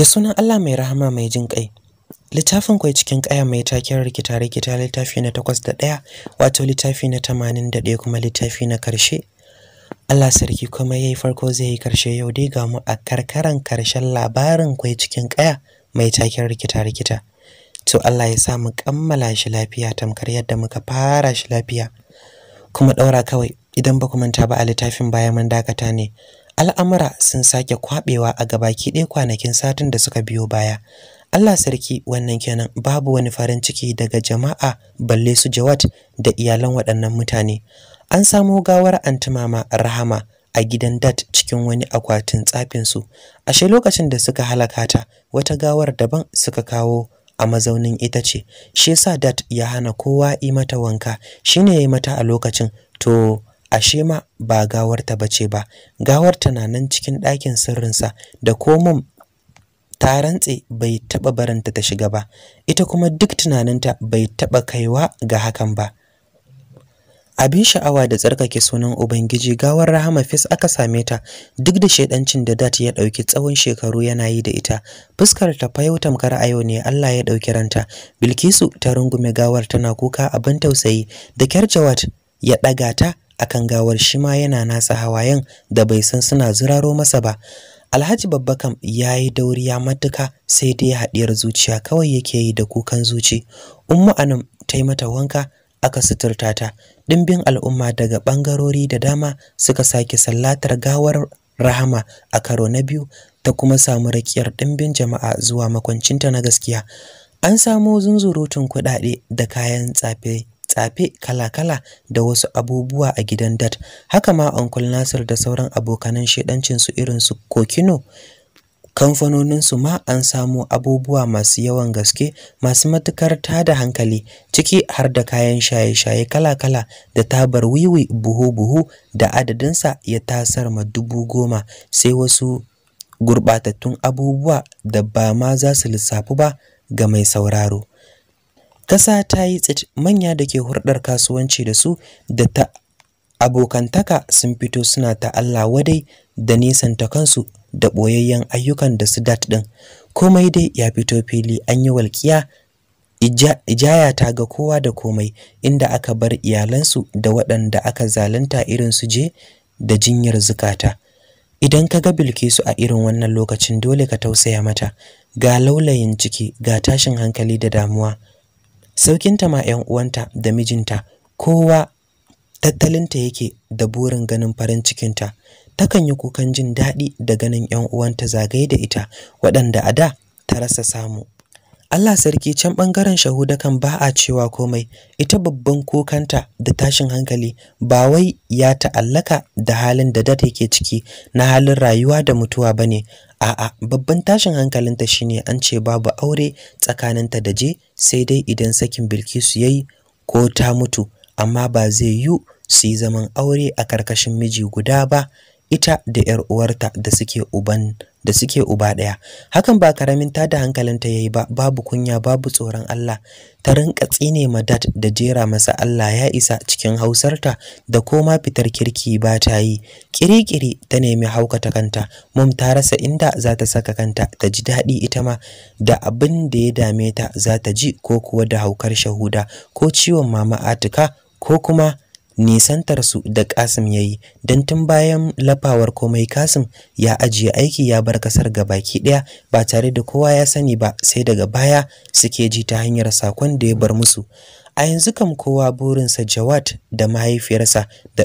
da sunan Allah mai rahama mai jin kai littafin kwai cikin kaya mai taken rikita rikita littafi na takwas da ɗaya wato littafi na tamanin da ɗaya kuma littafi na karshe Allah sarki kuma yayi farko zai yi karshe yau dai ga mu a karkaran karshen labarin kai cikin kaya mai taken rikita rikita to Allah ya sa mu kammala shi lafiya tamkar yadda muka fara shi lafiya kuma ɗaura kawai idan ba ku manta ba a littafin baya mun dakata ne al'amura sun sake kwabewa a gabaki ɗaya kwanakin satin da suka biyo baya Allah sarki wannan kenan babu wani farin ciki daga jama'a balle su jawat da iyalan waɗannan mutane an samo gawar antumama Rahama a gidan Dat cikin wani akwatin tsafin su ashe lokacin da suka halaka ta wata gawar daban suka kawo a mazaunin ita ce shi yasa Dat ya hana kowa yi mata wanka shine yayi mata a lokacin to ashe ma ba gawarta bace ba gawarta na nan cikin ɗakin sirrinsa da komum ta rantse bai taɓa baranta ta shiga ba ita kuma duk tunaninta bai taɓa kaiwa ga hakan ba abin sha'awa da tsarkake sunan ubangiji gawar rahama fis aka same ta duk da shedancin da dat ya ɗauki tsawon shekaru yana yi da ita fuskar ta fayau tamkar ayo ne Allah ya ɗauki ranta bilkisu ta rungume gawar tana kuka abin tausayi da kyar ya daga ta akan gawar shi ma yana nasa hawayen da bai san suna zuraro masa ba alhaji babba kam ya yi dauriya matuka sai dai haɗiyar zuciya kawai yake yi da kukan zuci umma anum ta yi mata wanka aka suturta ta Ɗimbin al'umma daga bangarori da dama suka sake sallatar gawar rahama a karo na biyu ta kuma samu rakiyar ɗimbin jama'a zuwa makwancinta na gaskiya an samo zunzurutun kuɗaɗe da kayan tsafe tsafe kala-kala da wasu abubuwa a gidan dat haka ma uncle nasir da sauran abokanan irin su kokino kamfanoninsu ma an samo abubuwa masu yawan gaske masu matukar tada hankali ciki har da kayan shaye-shaye kala-kala da tabar wiwi buhu-buhu da adadinsa ya tasar ma dubu goma sai wasu gurbatattun abubuwa da ba ma za su lissafu ba ga mai sauraro Kasa ta yi tsit manya da ke hurɗar kasuwanci da su da ta abokantaka sun fito suna ta Allah wadai da nesanta kansu da ɓoyayyen ayyukan da su dat ɗin komai dai ya fito fili an yi walƙiya ijaya ta ga kowa da komai inda aka bar iyalansu da waɗanda aka zalunta irin su je da jinyar zukata idan ka ga bilkisu a irin wannan lokacin dole ka tausaya mata ga laulayin ciki ga tashin hankali da damuwa saukinta ma 'yan uwanta da mijinta kowa tattalinta yake da burin ganin farin cikinta takan yi kukan jin daɗi da ganin 'yan uwanta zagaye da ita waɗanda a da ta rasa samu Allah sarki can bangaren shahuda kan ba a cewa komai ita babban kokanta da tashin hankali ba wai ya ta'allaka da halin da da take ciki na halin rayuwa da mutuwa bane a'a babban tashin hankalinta shine an ce babu aure tsakaninta da je sai dai idan sakin Bilkisu yayi ko ta mutu amma ba zai yiwu su yi zaman aure a karkashin miji guda ba ita da 'yar uwarta da suke uban da suke uba ɗaya hakan ba karamin tada hankalinta yayi ba babu kunya babu tsoron Allah ta rinka tsine ma dad da jera masa Allah ya isa cikin hausarta da koma fitar kirki ba ta yi kirikiri ta nemi haukata kanta mum ta rasa inda za ta saka kanta ta ji daɗi ita ma da abin da ya dame ta za ta ji ko kuwa da haukar shahuda ko ciwon mama atika ko kuma nisantarsu da Kasim ya yi don tun bayan lafawar komai Kasim ya ajiye aiki ya bar kasar baki ɗaya ba tare da kowa ya sani ba sai daga baya suke ji ta hanyar sakon da ya bar musu. A yanzu kam kowa burinsa Jawad da mahaifiyarsa da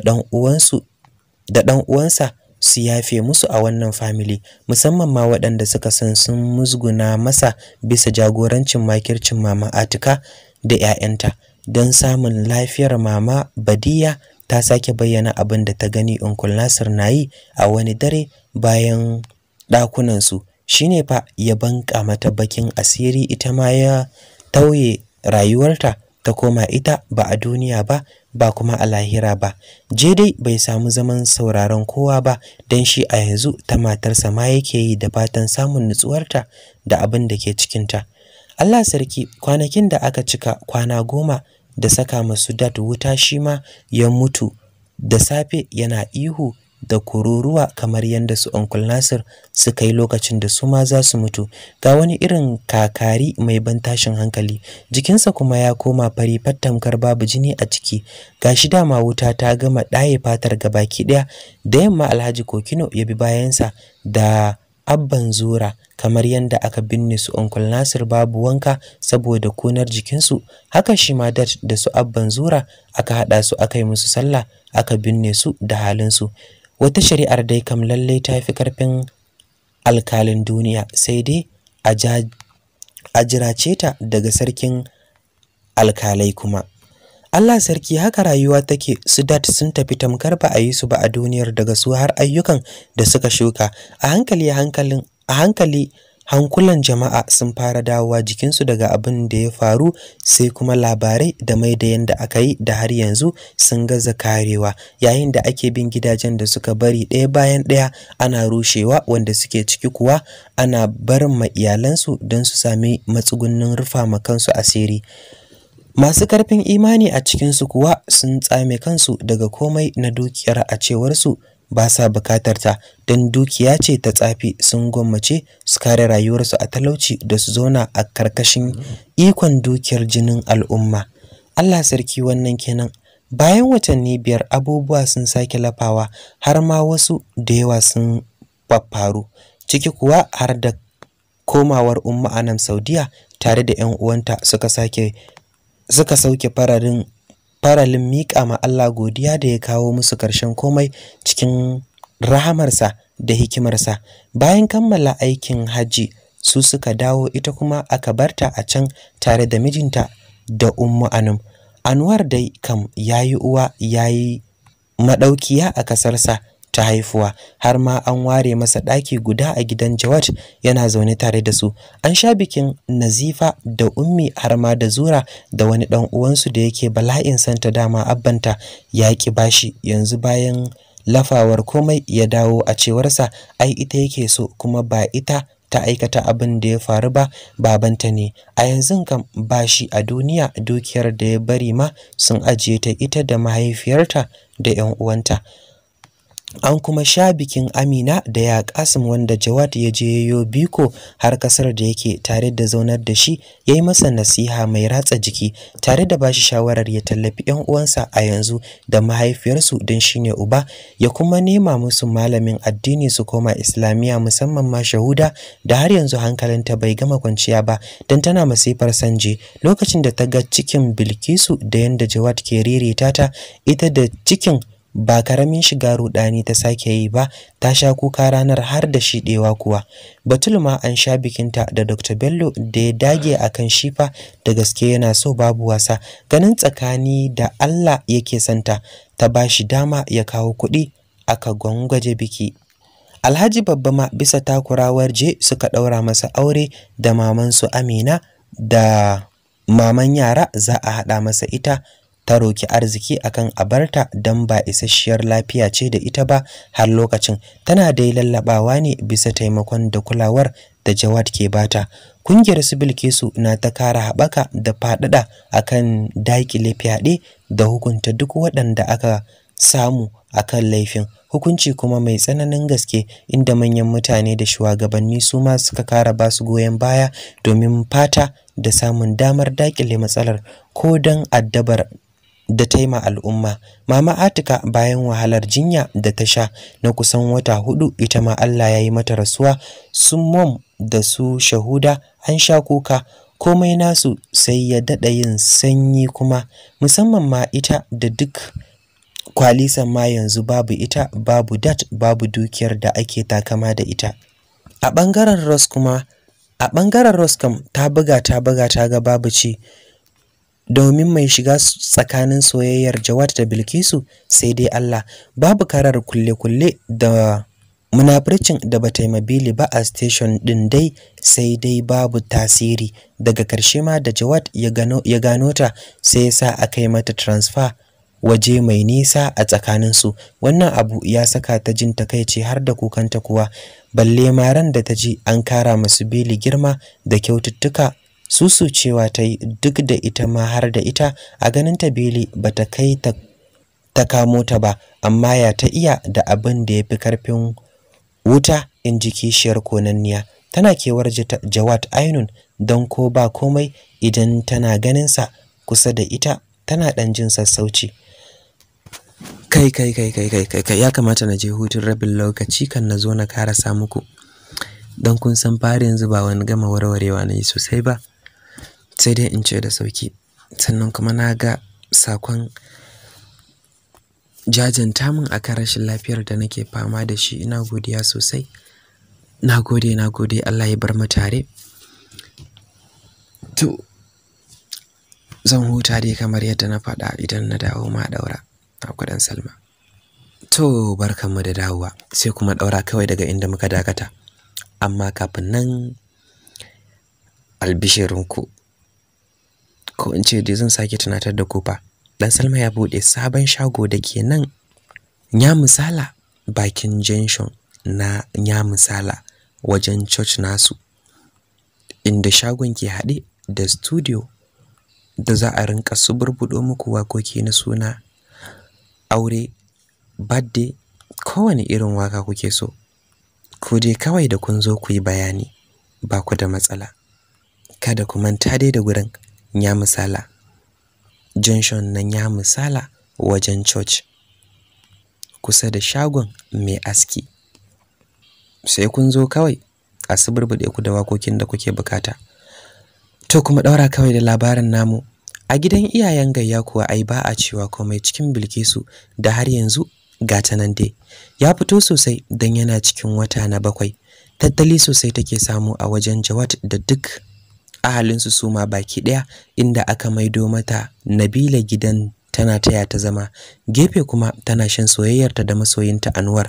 ɗan uwansa su yafe musu a wannan family musamman ma waɗanda suka san sun musguna masa bisa jagorancin makircin mama Atika da 'ya'yanta. don samun lafiyar mama Badiya ta sake bayyana abin da ta gani unkul Nasir na yi a wani dare bayan ɗakunansu ne fa ya banka mata bakin asiri ita ma ya tauye rayuwarta ta koma ita ba a duniya ba ba kuma a lahira ba je dai bai samu zaman sauraron kowa ba don shi a yanzu ta matarsa ma yake yi da fatan samun nutsuwarta da abin da ke cikinta Allah sarki kwanakin da aka cika kwana goma da saka masu dat wuta shi ma ya mutu da safe yana ihu da kururuwa kamar yadda su onkul Nasir suka yi lokacin da su ma za su mutu ga wani irin kakari mai ban tashin hankali jikinsa kuma ya koma fari fattamkar babu jini a ciki Ga shi dama wuta ta gama ɗaye fatar gabaki ɗaya da yamma Alhaji Kokino ya bi bayansa da abban zura kamar yadda aka binne su Uncle Nasir babu wanka saboda konar jikinsu haka shi ma da su abban zura aka haɗa su aka yi musu sallah aka binne su da halinsu wata shari'ar dai kam lallai ta fi karfin alkalin duniya sai dai a jirace ta daga sarkin alkalai kuma Allah sarki haka rayuwa take su dat sun tafi tamkar ba a yi su ba a duniyar daga su har ayyukan da suka shuka a hankali hankalin a hankali hankulan jama'a sun fara dawowa jikinsu daga abin da ya faru sai kuma labarai da mai da yanda aka yi da har yanzu sun gaza karewa yayin da ake bin gidajen da suka bari ɗaya bayan ɗaya ana rushewa wanda suke ciki kuwa ana barin ma iyalansu don su sami matsugunnin rufa ma kansu asiri masu karfin imani a cikinsu kuwa sun tsame kansu daga komai na dukiyar a cewarsu ba sa bukatar ta don dukiya ce ta tsafi sun gwammace su kare rayuwarsu a talauci da su zauna a karkashin ikon dukiyar jinin al'umma Allah sarki wannan kenan bayan watanni biyar abubuwa sun sake lafawa har ma wasu da yawa sun faffaru ciki kuwa har da komawar umma a nan saudiya tare da 'yan uwanta suka sake suka sauke fararin faralin miƙa ma Allah godiya da ya kawo musu ƙarshen komai cikin rahamarsa da hikimarsa bayan kammala aikin hajji su suka dawo ita kuma aka barta a can tare da mijinta da ummu anum anwar dai kam yayi uwa yayi madaukiya a kasarsa ta haifuwa har ma an ware masa ɗaki guda a gidan Jawad yana zaune tare da su an sha bikin Nazifa da Ummi har ma da Zura da wani ɗan uwansu da yake bala'in santa dama abbanta ya ki bashi yanzu bayan lafawar komai ya dawo a cewarsa ai ita yake so kuma ba ita ta aikata abin da ya faru ba babanta ne a yanzu kam ba shi a duniya dukiyar da ya bari ma sun ajiye ta ita da mahaifiyarta da 'yan uwanta an kuma sha bikin amina da ya kasim wanda jawad ya je yayo biko har kasar da yake tare da zaunar da shi ya yi masa nasiha mai ratsa jiki tare da bashi shawarar ya tallafi yan uwansa a yanzu da mahaifiyarsu don shine uba ya kuma nema musu malamin addini su koma islamiyya musamman ma shahuda da har yanzu hankalinta bai gama kwanciya ba don tana masifar sanje lokacin da ta ga cikin bilkisu da yanda jawad ke ririta ta ita da cikin ba karamin shiga rudani ta sake yi ba ta sha kuka ranar har da shiɗewa kuwa batul ma an sha bikinta da dr bello da ya dage a kan shifa da gaske yana so babu wasa ganin tsakani da allah yake santa ta ba shi dama ya kawo kuɗi aka gwangwaje biki alhaji babba ma bisa takurawar je suka ɗaura masa aure da mamansu amina da maman yara za a haɗa masa ita ta roki arziki akan abarta don ba isasshiyar lafiya ce da ita ba har lokacin tana dai lallabawa ne bisa taimakon da kulawar da Jawad ke bata kungiyar su bilkesu na ta kara haɓaka da faɗaɗa akan daƙile fyaɗe da hukunta duk waɗanda aka samu akan laifin hukunci kuma mai tsananin gaske inda manyan mutane da shugabanni su ma suka kara basu su goyon baya domin fata da samun damar dakile matsalar ko don addabar da taima al'umma mama Atika bayan wahalar jinya da ta sha na kusan wata hudu ita ma Allah ya yi mata rasuwa sun mom da su shahuda an sha kuka komai nasu sai ya dada yin sanyi kuma musamman ma ita da duk kwalisan ma yanzu babu ita babu dat babu dukiyar da ake takama da ita a bangaren Ross kuma a bangaren Ross ta buga ta buga ta ga babu ci domin mai shiga tsakanin soyayyar Jawad da Bilkisu sai dai Allah babu karar kulle-kulle da munafircin da ba taimabili ba a station din dai sai dai babu tasiri daga karshe ma da Jawad ya gano ta sai ya sa aka yi mata transfer waje mai nisa a tsakaninsu wannan abu ya saka ta jin takaici har da kukanta kuwa balle ma ran da ta ji an kara masu bili girma da kyaututtuka susu cewa ta yi duk da ita ma har da ita a ganin ta bele ba ta kai ta kamo ta ba amma ya ta iya da abin da ya fi karfin wuta in ji kishiyar konanniya tana kewar jawat ainun don ko ba komai idan tana ganinsa kusa da ita tana ɗan jin sassauci kai kai kai kai kai kai ya kamata na je hutun rabin lokaci kan na zo na karasa muku don kun san fara yanzu ba wani gama warwarewa na yi sosai ba sai dai in ce da sauki sannan kuma na ga sakon jajanta min akan rashin lafiyar da nake fama da shi ina godiya sosai na gode na gode Allah ya bar mu tare to zan huta dai kamar yadda na faɗa idan na dawo ma daura a kudan Salma to barkanmu da dawowa sai kuma ɗaura kawai daga inda muka dakata amma kafin nan albishirinku ko in ce dai zan sake tunatar da ku fa dan Salma ya bude sabon shago da ke nan ya misala bakin junction na ya misala wajen church nasu inda shagon ke haɗe da studio da za a rinka suburbuɗo muku wakoki na suna aure badde kowane irin waka kuke so ku dai kawai da kun zo ku yi bayani ba ku da matsala kada ku manta dai da gurin ya misala junction nan ya misala wajen church kusa da shagon mai aski sai kun zo kawai a suburbuɗe ku da wakokin da kuke bukata to kuma ɗaura kawai da labarin namu a gidan iyayen gayya kuwa ai ba a cewa komai cikin bilkisu da har yanzu gata nan dai ya fito sosai don yana cikin wata na bakwai tattali sosai take samu a wajen jawat da duk ahalinsu su ma baki ɗaya inda aka maido mata Nabila gidan tana taya ta zama gefe kuma tana shan soyayyarta da masoyinta Anwar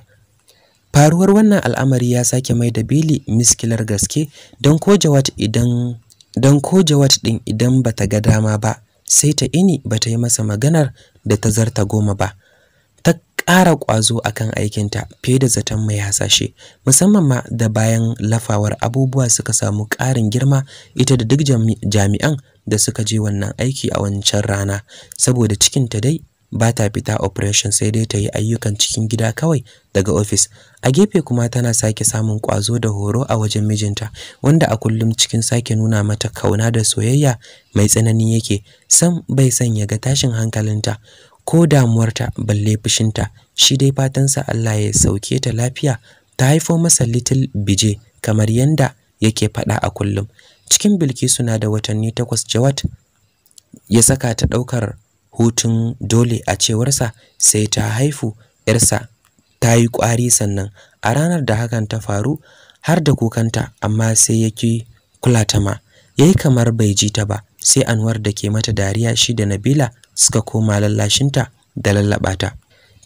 faruwar wannan al'amari ya sake mai da Bili miskilar gaske don ko jawat idan don ko din idan bata ga dama ba sai ta ini bata yi masa maganar da ta zarta goma ba ƙara ƙwazo a kan aikinta fiye da zaton mai hasashe musamman ma da bayan lafawar abubuwa suka samu ƙarin girma ita da duk jami'an da suka je wannan aiki a wancan rana saboda cikinta dai ba ta fita operation sai dai ta yi ayyukan cikin gida kawai daga ofis a gefe kuma tana sake samun ƙwazo da horo a wajen mijinta wanda a kullum cikin sake nuna mata kauna da soyayya mai tsanani yake sam bai sanya ga tashin hankalinta ko damuwarta balle fushinta shi dai fatan sa Allah ya sauke ta lafiya ta haifo masa little bije kamar yanda yake faɗa a kullum cikin bilkisu na da watanni takwas jawat ya saka ta ɗaukar hutun dole a cewarsa sai ta haifu yarsa ta yi ƙwari sannan a ranar da hakan ta faru har da kukanta amma sai yake kula ta ma yayi kamar bai ji ta ba sai Anwar da ke mata dariya shi da Nabila suka koma lallashinta da lallaɓata.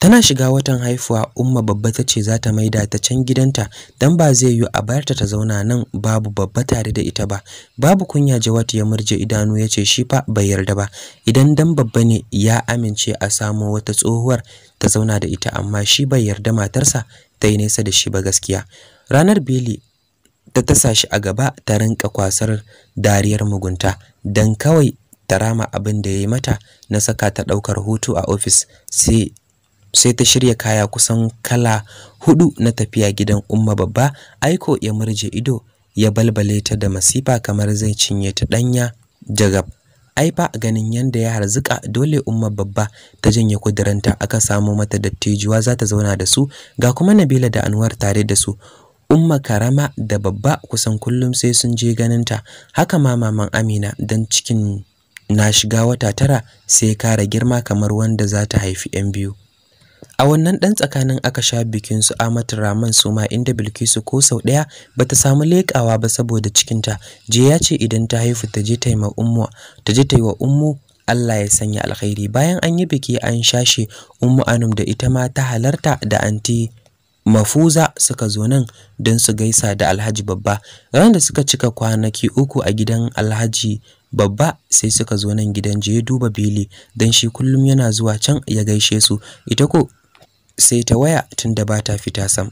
tana shiga watan haifuwa umma babba ta ce za ta maida ta can gidanta dan ba zai yiwu a barta ta zauna nan babu babba tare da ita ba babu kunya jawat ya murje idanu ya ce shi fa bai yarda ba idan dan babba ne ya amince a samo wata tsohuwar ta zauna da ita amma shi bai yarda matarsa ta yi nesa da shi ba gaskiya ranar beli ta tasa shi a gaba ta rinka kwasar dariyar mugunta dan kawai ta rama abin da ya yi mata na saka ta ɗaukar hutu a ofis sai ta shirya kaya kusan kala hudu na tafiya gidan umma babba aiko ya murje ido ya balbale ta da masifa kamar zai cinye ta danya jagab ai fa ganin yanda ya harzuka dole umma babba ta janye kuduranta aka samu mata dattijuwa za ta zauna da su ga kuma Nabila da Anwar tare da su umma karama da babba kusan kullum sai sun je ganinta haka ma maman Amina dan cikin na shiga wata tara sai kara girma kamar wanda za ta haifi 'yan biyu a wannan ɗan tsakanin aka sha bikin su amat Rahman su ma inda Bilkisu ko sau ɗaya bata samu leƙawa ba saboda cikinta je ya ce idan ta haifu ta je ta yi ta je ta yi wa ummu Allah ya sanya alkhairi bayan an yi biki an shashe ummu Anum da ita ma ta halarta da anti Mafuza suka zo nan don su gaisa da Alhaji Babba ran da suka cika kwanaki uku a gidan Alhaji babba sai suka zo nan gidan je duba bili dan shi kullum yana zuwa can ya gaishe su ita ko sai ta waya tunda ba ta fita sam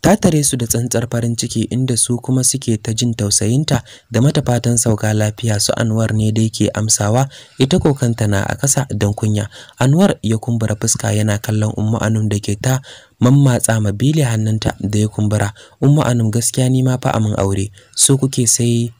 ta tare su da tsantsar farin ciki inda su kuma suke ta jin tausayinta da mata fatan sauka lafiya su Anwar ne da yake amsawa ita ko kanta na a kasa dan kunya Anwar ya kumbura fuska yana kallon Umma Anum da ke ta mammatsa bili hannunta da ya kumbura Umma Anum gaskiya ni ma fa amin aure so kuke sai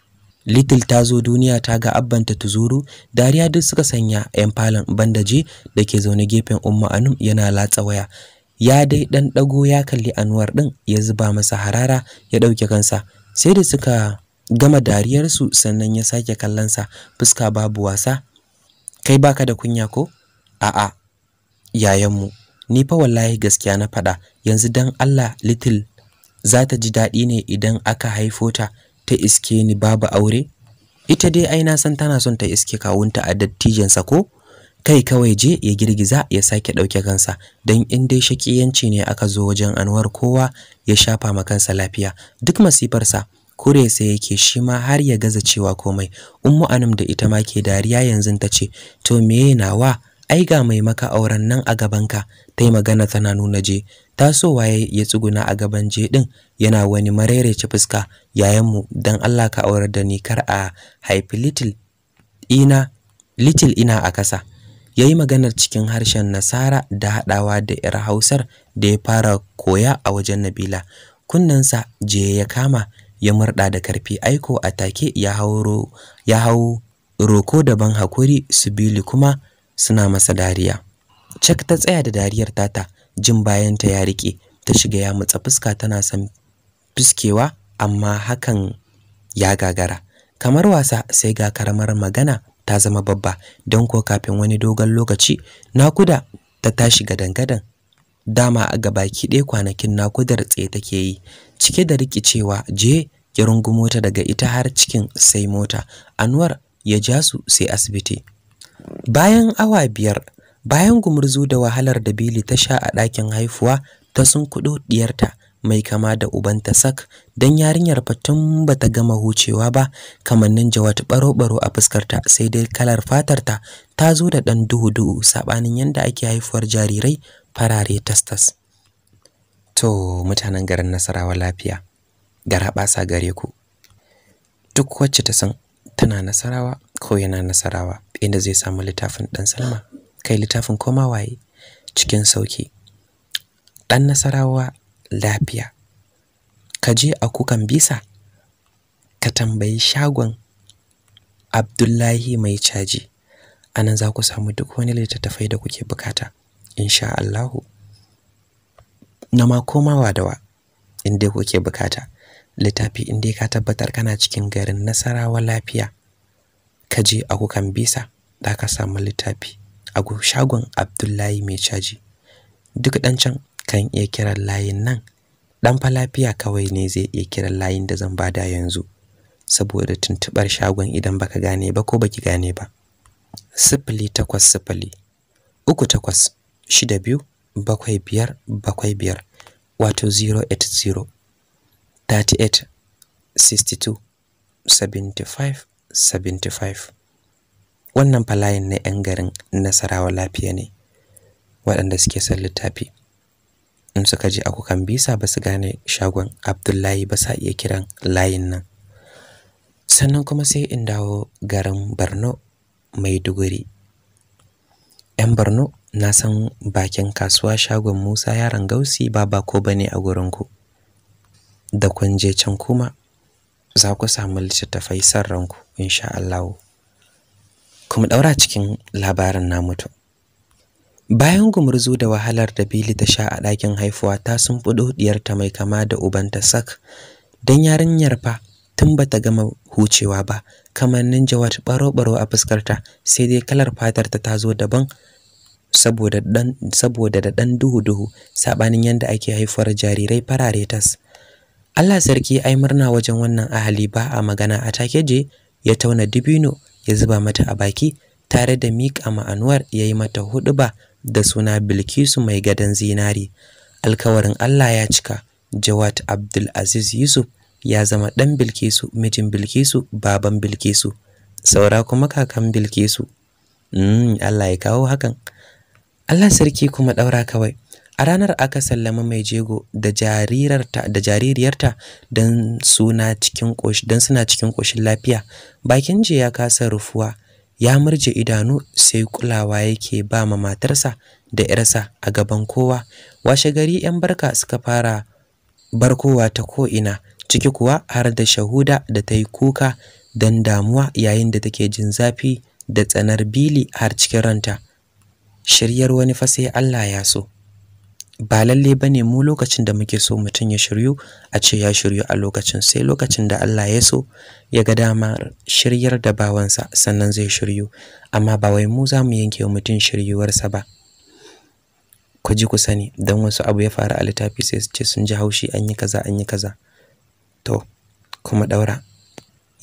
Little ta zo duniya ta ga abbanta tuzuru, dariya duk suka sanya ‘yan falon bandaje da ke zaune gefen Umma Anum yana latsa waya. Ya dai ɗan ɗago ya kalli anuwar ɗin ya zuba masa harara ya ɗauke kansa. Sai da suka gama dariyarsu sannan ya sake kallonsa fuska babu wasa. Kai baka da kunya ko? A'a, yayanmu. Ni fa wallahi gaskiya na faɗa yanzu dan Allah Little za ta ji daɗi ne idan aka haifo ta ta iske ni babu aure ita dai ai na san tana son ta iske kawunta a dattijansa ko kai kawai je ya girgiza ya sake ɗauke kansa don in dai shakiyanci ne aka zo wajen anwar kowa ya shafa ma kansa lafiya duk masifarsa kure sai yake shi ma har ya gaza cewa komai ummu anum da ita ma ke dariya yanzu ta ce to meye nawa ai ga mai maka auren nan a gabanka tai magana tana nuna je tasowa ya tsuguna a gaban je din yana wani marerece fuska yayanmu dan Allah ka aurar da ni kar a haifi little ina little ina a kasa yayi maganar cikin harshen Nasara da hadawa da yar Hausar da ya fara koya a wajen Nabila Kunnansa je ya kama ya murda da karfi aiko a take ya hauro ya hau roko daban hakuri su bili kuma suna masa dariya Cak ta tsaya da dariyar tata jin bayanta ya rike ta shiga ya mutsa fuska tana son fiskewa amma hakan ya gagara kamar wasa sai ga karamar magana ta zama babba don ko kafin wani dogon lokaci nakuda ta tashi gadan-gadan dama a ki ɗaya kwanakin nakudar tsaye take yi cike da rikicewa je ya rungumo ta daga ita har cikin sai mota Anuwar ya ja su sai asibiti bayan awa biyar Bayan gumurzu da wahalar da Billy ta sha a ɗakin haifuwa, ta sun kuɗi ɗiyarta mai kama da ubanta sak don yarinyar fatun bata gama hucewa ba kamannin jawat baro-baro a fuskarta sai dai kalar fatarta ta zo da ɗan duhu-duhu saɓanin yadda ake haifuwar jarirai farare tastas. To mutanen garin Nasarawa lafiya, gara ɓasa gare ku. Duk wacce ta san tana Nasarawa ko yana Nasarawa inda zai samu littafin ɗan Salma. kai littafin koma waye cikin sauki dan nasarawa lafiya ka je a kukan bisa ka tambayi shagon Abdullahi mai caji anan za ku samu duk wani littattafai da kuke bukata insha Allah na ma komawa dawa inda kuke bukata littafi inda ka tabbatar kana cikin garin Nasarawa lafiya ka je a kukan bisa da ka samu littafi a shagon Abdullahi mai caji. Duk ɗan can kan iya kiran layin nan. Ɗan falafiya kawai ne zai iya kiran layin da zan bada yanzu. Saboda tuntuɓar shagon idan baka gane ba ko baki gane ba. Sifili takwas sifili, uku takwas, shida biyu, bakwai biyar, bakwai biyar, wato 080 38 62 75 75. wannan falayin na 'yan garin nasarawa lafiya ne waɗanda suke son littafi in suka je akukan bisa ba su gane shagon abdullahi ba sa iya kiran layin nan sannan kuma sai in dawo garin borno duguri. 'yan barno na san bakin kasuwa shagon musa yaron gausi ba bako ba ne a gurinku da kun je can kuma za ku samu littattafai san ranku sha allahu kuma ɗaura cikin labarin na mutu. Bayan gumurzu da wahalar da Bili ta sha a ɗakin haifuwa ta sun ta mai kama da ubanta sak, don yarinyar fa tun bata gama hucewa ba, kamannin Jawad baro-baro a fuskarta sai dai kalar fatarta ta zo daban saboda da ɗan duhu-duhu sabanin yanda ake haifuwar jarirai farare tas. Allah sarki ai murna wajen wannan ahali ba a magana a take je ya tauna dibino ya zuba mata a baki tare da miƙa ma'anuwar ya yi mata huɗuba da suna Bilkisu mai gadon zinari. Alkawarin Allah ya cika, Jawad Abdulaziz Yusuf ya zama ɗan Bilkisu, mijin Bilkisu, baban Bilkisu, saura kuma kakan Bilkisu. Mm, Allah ya kawo hakan. Allah sarki kuma ɗaura kawai. A ranar aka sallama mai jego da jaririyarta da jaririyarta don suna cikin koshi don suna cikin koshin lafiya. Bakin je ya kasa rufuwa, ya murje idanu sai kulawa yake ba ma matarsa da 'yarsa a gaban kowa. Washe gari 'yan barka suka fara barkowa ta ko'ina, ciki kuwa har da shahuda da ta yi kuka don damuwa yayin da take jin zafi da tsanar bili har cikin ranta. Shiryar wani fa sai Allah ya so. ba lalle bane mu lokacin da muke so mutum ya shiryu a ce ya shiryu a lokacin sai lokacin da Allah ya so ya ga dama shiryar da bawansa sannan zai shiryu amma ba wai mu zamu yanke mutum shiryuwarsa ba ku ji ku sani dan wasu abu ya faru a littafi sai su ce sun ji haushi an yi kaza an yi kaza to kuma daura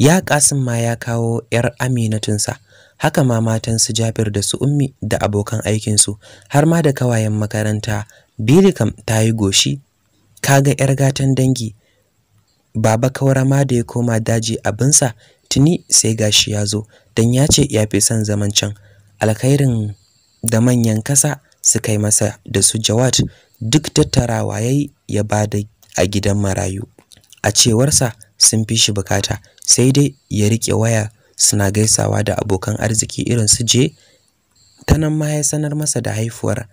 ya kasim ma ya kawo yar aminatunsa haka ma matan su Jabir da su Ummi da abokan aikinsu har ma da kawayen makaranta biri kam ta yi goshi kaga yar gatan dangi baba kaura ma da ya koma daji abinsa tuni sai gashi ya zo dan ya ce ya fi son zaman can alkhairin da manyan kasa suka yi masa da su jawad duk tattarawa yayi ya ba da a gidan marayu a cewarsa sun fi shi bukata sai dai ya riƙe waya suna gaisawa da abokan arziki irin su je ta nan ma ya sanar masa da haifuwar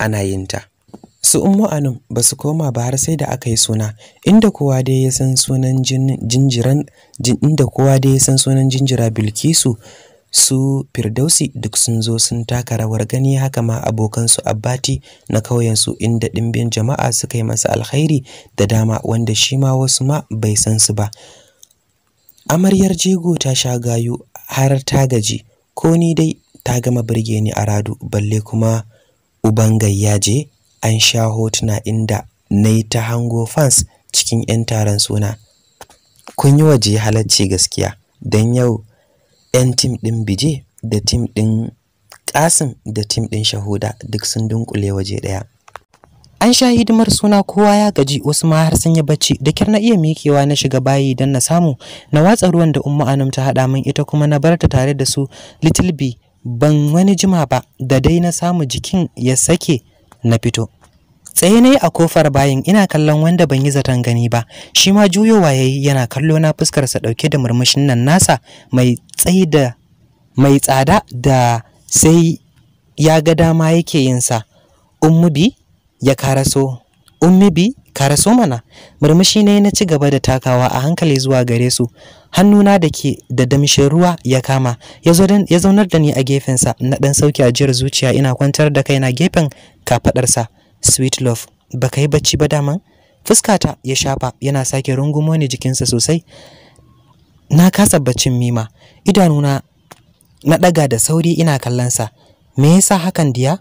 ana yin ta su ummu anum ba su koma ba har sai da aka yi suna inda kowa dai ya san sunan jinjiran inda kowa dai ya san sunan jinjira bilkisu su firdausi duk sun zo sun taka rawar gani haka ma abokansu abbati na kauyensu inda ɗimbin jama'a suka yi masa alkhairi da dama wanda shi ma wasu ma bai san su ba amaryar jego ta sha gayu har ta gaji ko ni dai ta gama birge ni a radu balle kuma uban gayyaje an sha hotuna inda na yi ta hango fans cikin 'yan taron suna kun yi waje halarci gaskiya don yau 'yan tim ɗin bije da tim ɗin kasim da tim ɗin shahuda duk sun dunkule waje ɗaya an sha hidimar suna kowa ya gaji wasu ma har sun yi bacci da kyar na iya mikewa na shiga bayi don na samu na watsa ruwan da umma anum ta haɗa min ita kuma na barta tare da su little bee ban wani jima ba da dai na samu jikin ya sake na fito tsaye ne a kofar bayin ina kallon wanda ban yi zaton gani ba shi ma juyowa ya yana kallo na fuskarsa ɗauke da murmushin nan nasa mai mai tsada da sai ya ga dama yake yinsa ummubi ya karaso ummubi ka raso mana murmushi ne na ci gaba da takawa a hankali zuwa gare su hannuna da ke da damshin ruwa ya kama ya zaunar da ni a gefensa na ɗan sauki ajiyar zuciya ina kwantar da kaina gefen kafaɗarsa, sweet love baka yi bacci ba daman fuskata ya shafa yana sake rungumo ni jikinsa sosai na kasa baccin mima idanuna na ɗaga da sauri ina kallonsa me yasa hakan diya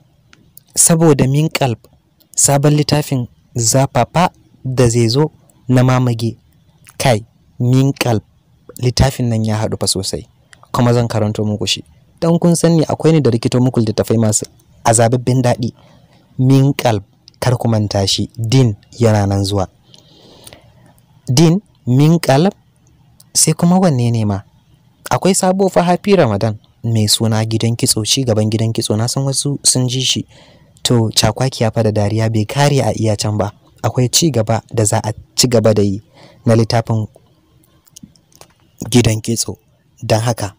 saboda min kalb sabon littafin zafafa da zai zo na mamage kai minkal littafin nan ya haɗu fa sosai kuma zan karanto muku shi dan kun san akwai ni da rikito muku littafai masu azababbin daɗi minkal kar ku manta shi din yana nan zuwa din minkal sai kuma wanne ne ma akwai sabo fa hafi ramadan mai suna gidan kitso ci gaban gidan kitso na san wasu sun ji shi to cakwaki ya da dariya bai kare a iya can ba akwai ci gaba da za a ci gaba da yi na littafin gidan kitso don haka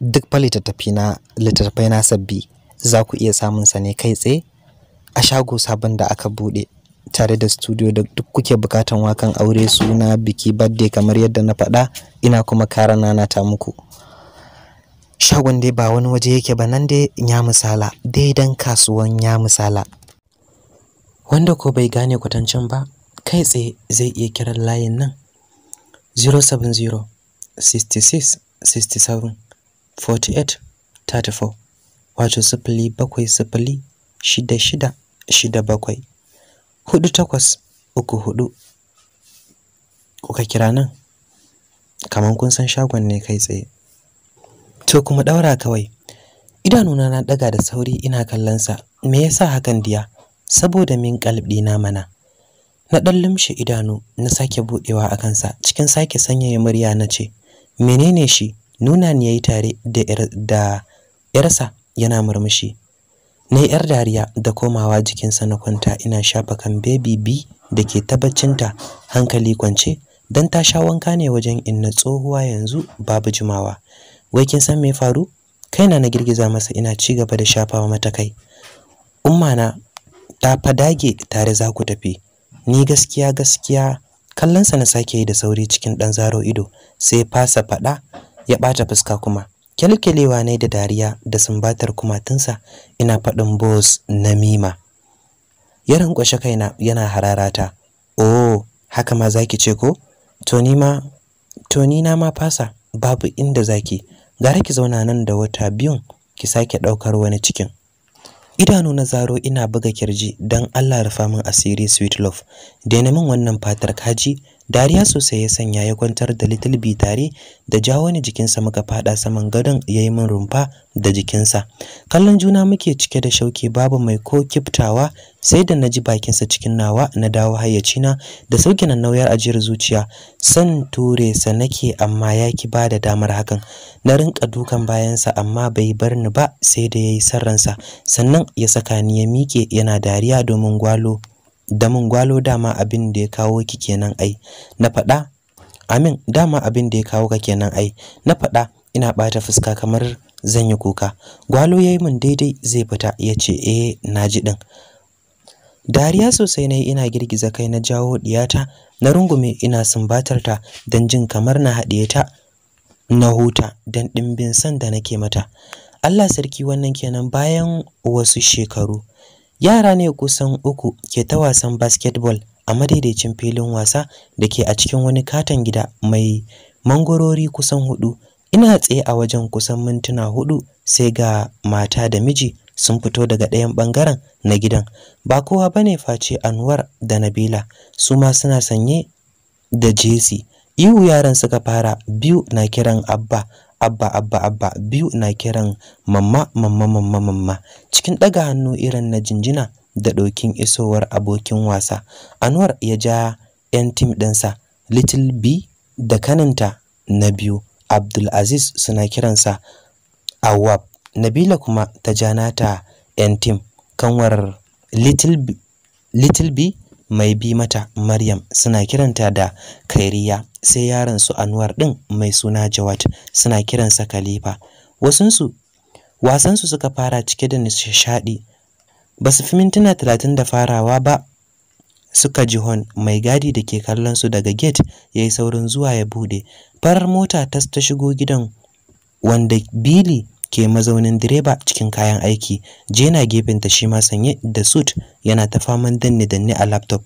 duk fa littattafai na sabbi za ku iya samun sa ne kai tsaye a shago sabon da aka bude tare da studio da duk kuke bukatan wakan aure suna biki birthday kamar yadda na faɗa ina kuma kara na ta muku shagon dai ba wani waje yake ba nan dai ya misala dan kasuwan ya misala wanda ko bai gane kwatancin ba kai tsaye zai iya kiran layin nan 070 66 67 48 34 wato sifili bakwai sifili shida shida shida bakwai hudu takwas uku hudu kuka kira nan kamar kun san shagon ne kai tsaye to kuma ɗaura kawai idanuna na daga da sauri ina kallonsa me yasa hakan diya saboda min na mana na ɗan lumshe idanu na sake buɗewa a kansa cikin sake sanyaya murya na ce menene shi nuna ni yayi tare da yarsa yana murmushi na yi yar dariya da komawa jikinsa na kwanta ina shafa kan baby b da ke tabbacinta hankali kwance don ta sha wanka ne wajen inna tsohuwa yanzu babu jimawa wai kin san me faru Kai na na girgiza masa ina ci gaba da shafawa mata kai umma na ta fadage tare za ku tafi ni gaskiya gaskiya kallonsa na sake yi da sauri cikin dan zaro ido sai fasa fada ya bata fuska kuma kyalkyalewa ne da dariya da sumbatar kumatunsa ina faɗin boss namima ya rankwashe kaina yana hararata oh haka ma zaki ce ko to ni ma to ni na ma fasa babu inda zaki gara ki zauna nan da wata biyun ki sake ɗaukar wani cikin idanu na zaro ina buga kirji dan Allah rufa min asiri sweet love daina min wannan fatar kaji dariya sosai ya sanya ya kwantar da little b tare da jawo ni jikinsa muka fada saman gadon ya yi min rumfa da jikinsa kallon juna muke cike da shauki babu mai ko kiftawa sai da na ji bakinsa cikin nawa na dawo hayyacina da sauki na nauyar ajiyar zuciya san ture sa nake amma ya ki ba da damar hakan na rinka dukan bayansa amma bai bar ni ba sai da ya yi sarransa sannan ya saka ni ya miƙe yana dariya domin gwalo Da mun gwalo dama abin da ya kawo ki kenan ai na faɗa amin dama abin da ya kawo ka kenan ai na faɗa ina ɓata fuska kamar zan yi kuka gwalo yayi min daidai zai fita yace ce eh naji ɗin. dariya sosai na ina girgiza kai na jawo diyata na rungume ina sumbatar ta don jin kamar na haɗiye ta na huta don ɗimbin san da nake mata Allah sarki wannan kenan bayan wasu shekaru yara ne kusan uku ke ta wasan basketball a madaidaicin filin wasa da ke a cikin wani katon gida mai mangorori kusan hudu ina tsaye a wajen kusan mintuna hudu sai ga mata da miji sun fito daga ɗayan ɓangaren na gidan ba kowa ba ne face anwar da nabila su ma suna sanye da jesi ihu yaran suka fara biyu na kiran abba abba abba abba biyu na kiran mamma mamma mamma mamma cikin ɗaga hannu irin na jinjina da ɗokin isowar abokin wasa anwar ya ja 'yan tim ɗinsa little b da kaninta na biyu abdulaziz suna kiransa awab nabila kuma ta ja nata 'yan tim kanwar little b, little b mai bi mata Maryam suna kiranta da Kairiya sai yaran su Anwar din mai suna Jawad suna kiransa Khalifa wasunsu wasan su suka fara cike da nishadi basu fi mintuna 30 da farawa ba suka ji hon mai gadi da ke kallon su daga gate yayi saurin zuwa ya bude farar mota ta shigo gidan wanda Billy ke mazaunin direba cikin kayan aiki jena gefenta shi ma sanye da suit yana ta faman danne danne a laptop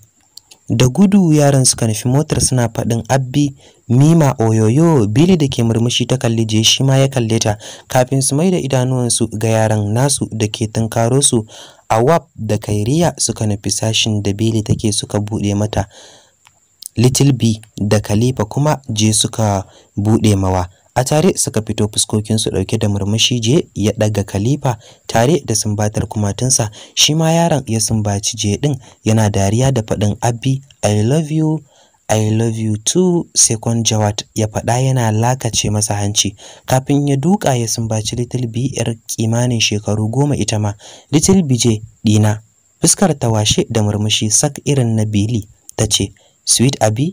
da gudu yaran suka nufi motar suna faɗin abbi mima oyoyo bili da ke murmushi ta kalli je shi ma ya kalle ta kafin su mai da idanuwansu ga yaran nasu da ke tunkaro su awab da kairiya suka nufi sashin da bili take suka buɗe mata little b da khalifa kuma je suka buɗe mawa a tare suka fito fuskokin su ɗauke da murmushi je ya ɗaga kalifa tare da sumbatar kumatunsa shi ma yaron ya sumbaci je din yana dariya da faɗin abbi i love you I love you too second Jawad ya faɗa yana lakace masa hanci kafin ya duka ya sumbaci Little B yar kimanin shekaru goma ita ma Little je, dina fuskar ta washe da murmushi sak irin na Billy tace sweet Abi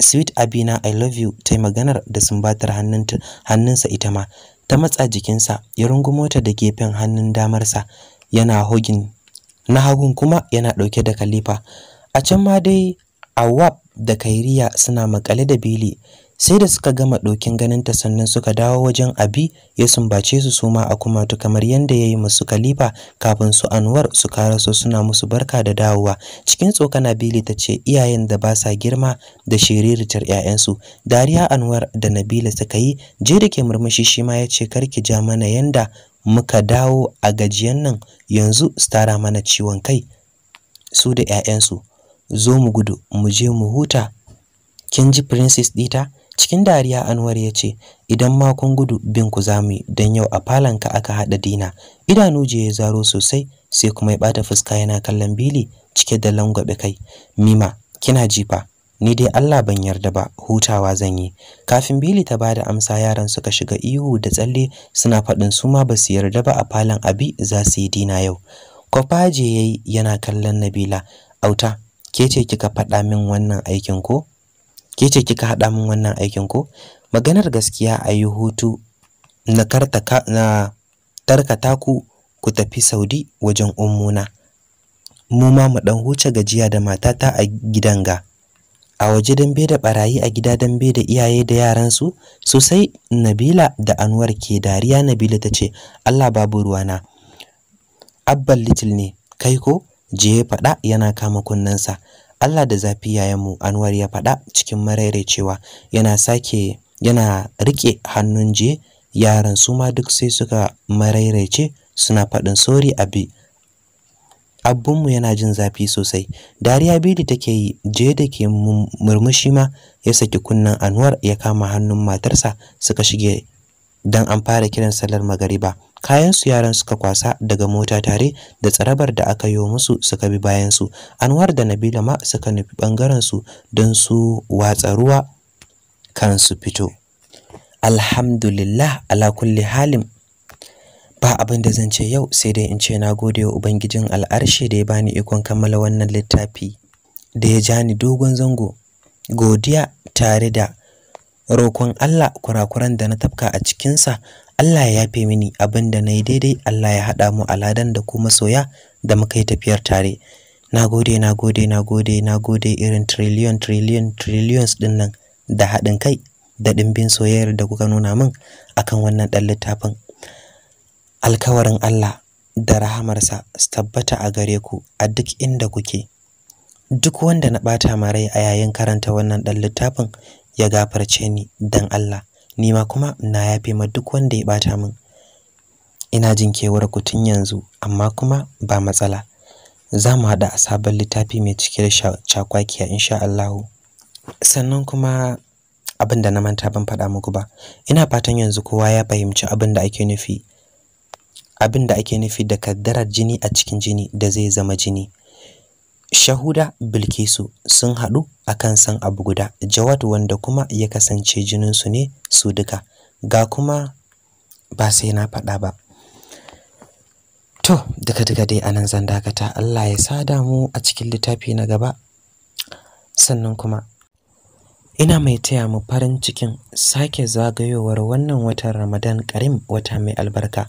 Sweet Abina I love you ta maganar da sumbatar hannunta hannunsa ita ma ta matsa jikinsa ya rungumo ta da gefen hannun damarsa yana hogin na hagun kuma yana dauke da kalifa a can ma dai Awab da Kairiya suna makale da Bili sai da suka gama ɗokin ganinta sannan suka dawo wajen abi ya sumbace su suma a kumatu kamar yadda ya yi musu kalifa kafin su anwar su karaso suna musu barka da dawowa cikin tsokana bili ta ce iyayen da ba sa girma da shiriritar 'ya'yansu dariya anwar da nabila suka yi je da ke murmushi shi ma ya ce ki ja mana yanda muka dawo a gajiyan nan yanzu su tara mana ciwon kai su da 'ya'yansu zo mu gudu mu je mu huta kin ji princess dita Cikin dariya Anwar ya ce, "Idan ma kun gudu bin ku zamu yi don yau a ka aka haɗa dina." Idanu je ya zaro sosai sai kuma ya bata fuska yana kallon Bili cike da langwabe kai. Mima, kina jifa. Ni dai Allah ban yarda ba, hutawa zan yi. Kafin Bili ta bada amsa yaran suka shiga ihu da tsalle suna faɗin su ma basu yarda ba a falon Abi za su yi dina yau. Kofaje yayi yana kallon Nabila. Auta, ke ce kika faɗa min wannan aikin ko? ke ce kika haɗa min wannan aikin ko maganar gaskiya a yi hutu na tarkata ku ku tafi saudi wajen ummuna mu ma mu dan huce gajiya da matata a gidan ga a waje dambe da barayi a gida dambe da iyaye da yaransu sosai nabila da anwar ke dariya nabila ta ce allah babu ruwana abban little ne kai ko je faɗa yana kama kunnensa Allah da zafi mu Anwar ya faɗa cikin marairai cewa yana sake yana rike hannun je yaran su ma duk sai suka marairaice suna faɗin sori abi yana jin zafi sosai dariya bidi take yi je da ke murmushi ma ya saki kunnen anwar ya kama hannun matarsa suka shige don an fara kiran sallar magariba kayansu yaran suka kwasa daga mota tare da tsarabar da aka yi musu suka bi bayan bayansu anwar da nabila ma suka nufi bangaren su don su watsa ruwa kan su fito alhamdulillah ala kulli halin ba abin da zan ce yau sai dai in ce na gode wa ubangijin al'arshe da ya bani ikon kammala wannan littafi da ya ja ni dogon zango godiya tare da roƙon Allah kurakuran da na tafka a cikinsa Allah ya yafe mini abin da na yi daidai Allah ya haɗa mu aladan da kuma soya da muka yi tafiyar tare nagode nagode nagode nagode irin trillion trillion trillions din nan da haɗin kai da ɗimbin soyayyar da kuka nuna min akan wannan ɗan littafin alkawarin Allah da rahamarsa su tabbata a gare ku a duk inda kuke duk wanda na ɓata marai a yayin karanta wannan ɗan littafin ya gafarce ni dan Allah ni ma kuma na yafe ma duk wanda ya bata min ina jin kewar ku tun yanzu amma kuma ba matsala za mu haɗa a sabon littafi mai cike da cakwakiya insha Allah sannan kuma abin da na manta ban faɗa muku ba ina fatan yanzu kowa ya fahimci abin da ake nufi abin da ake nufi da kaddarar jini a cikin jini da zai zama jini Shahuda Bilkisu sun haɗu akan san abu guda Jawad wanda kuma ya kasance jininsu ne su duka ga kuma ba sai na faɗa ba to duka duka dai anan zan dakata Allah ya sada mu a cikin littafi na gaba sannan kuma ina mai taya mu farin cikin sake zagayowar wannan watan Ramadan Karim wata mai albarka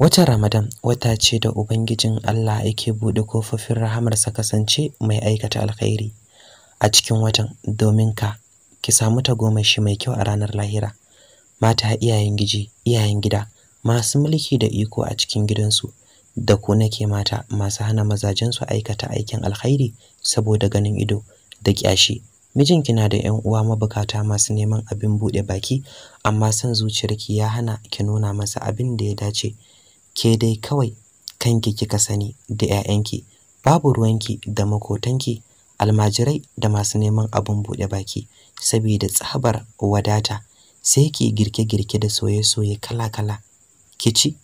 Wata Ramadan wata ce da Ubangijin Allah yake buɗe kofofin rahamarsa kasance mai aikata alkhairi a cikin watan domin ka ki samu tagomashi mai kyau a ranar lahira. Mata iyayen giji, iyayen gida, masu mulki da iko a cikin gidansu da ku nake mata masu hana mazajensu aikata aikin alkhairi saboda ganin ido da ƙyashi. Mijinki na da ƴan uwa mabukata masu neman abin buɗe baki amma son zuciyarki ya hana ki nuna masa abin da ya dace. ke dai kawai kanki kika sani da 'ya'yanki babu ruwanki da makotanki almajirai da masu neman abin buɗe baki saboda tsabar wadata sai ki girke-girke da soye-soye kala-kala ki ci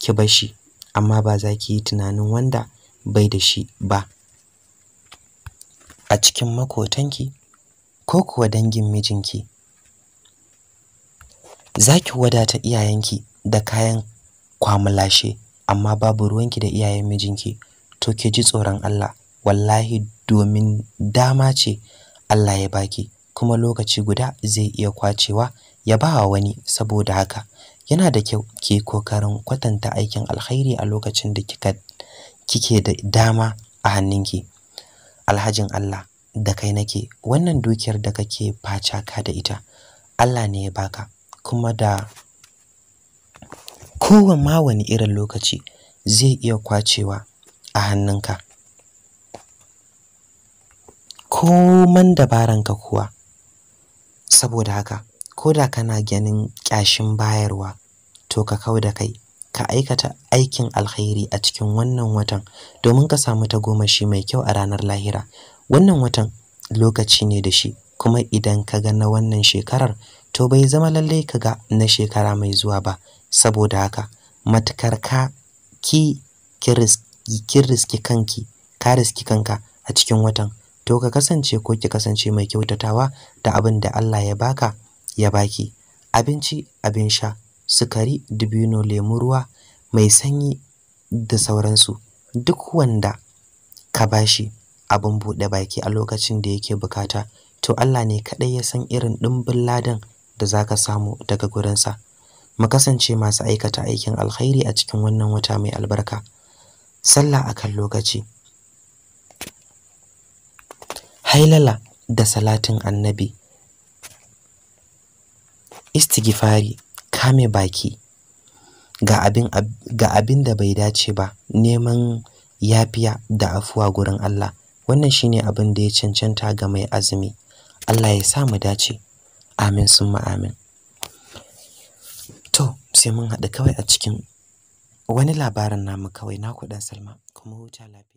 ki bashi amma ba za ki yi tunanin wanda bai da shi ba a cikin makotanki ko kuwa dangin mijinki za ki wadata iyayenki da kayan kwamulashe amma babu ruwanki da iyayen mijinki to ke ji tsoron Allah wallahi domin dama ce Allah ya baki kuma lokaci guda zai iya kwacewa ya bawa wani saboda haka yana da kyau ke kokarin kwatanta aikin alkhairi a lokacin da kika kike da dama a hannunki alhajin Allah da kai nake wannan dukiyar da kake facaka da ita Allah ne ya baka kuma da kowa ma wani irin lokaci zai iya kwacewa a hannunka koman dabaranka kuwa saboda haka ko da kana ganin ƙyashin bayarwa to ka kau da kai ka aikata aikin alkhairi a cikin wannan watan domin ka samu tagomashi mai kyau a ranar lahira wannan watan lokaci ne da shi kuma idan ka ga na wannan shekarar to bai zama lallai ka ga na shekara mai zuwa ba saboda haka matukar ka ki kin riski kanki ka riski kanka a cikin watan to ka kasance ko ki kasance mai kyautatawa da abin da Allah ya baka ya baki abinci abin sha sukari dubino lemu ruwa mai sanyi da sauransu duk wanda ka bashi abin buɗe baki a lokacin da yake bukata to Allah ne kaɗai ya san irin ɗimbin ladan da zaka samu daga gurinsa mu kasance masu aikata aikin alkhairi a cikin wannan wata mai albarka sallah a kan lokaci hailala da salatin annabi istighfari kame baki ga abin ga abin da bai dace ba neman yafiya da afuwa gurin Allah wannan shine abin da ya cancanta ga mai azumi Allah ya sa mu dace amin summa amin to sai mun haɗu kawai a cikin wani labarin namu kawai na kuɗin Salma kuma huta lafiya